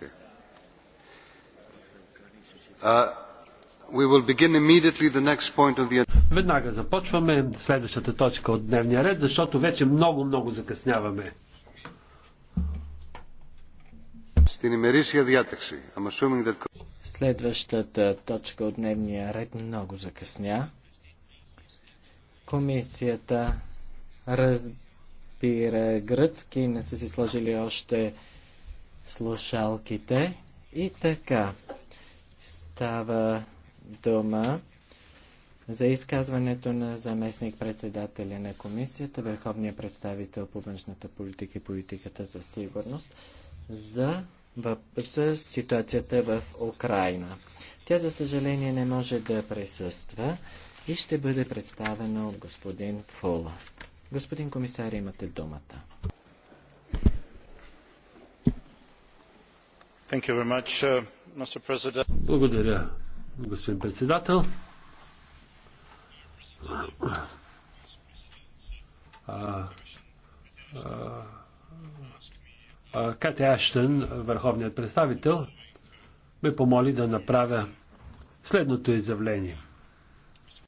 okay. Uh, we will begin immediately the next point of the... Веднага започваме следващата точка от дневния ред, защото вече много-много закъсняваме. Στην ημερήσια διάταξη. I'm assuming that... Следващата точка от дневния ред много закъсня. Комисията разбира гръцки, не са си сложили още слушалките. И така, става дума за изказването на заместник-председателя на комисията, върховния представител по външната политика и политиката за сигурност, за, въпс, ситуацията в Украина. Тя, за съжаление, не може да присъства и ще бъде представена от господин Фола. Господин комисар, имате думата. Uh, Благодаря, господин председател. Кати Аштън, върховният представител, ме помоли да направя следното изявление –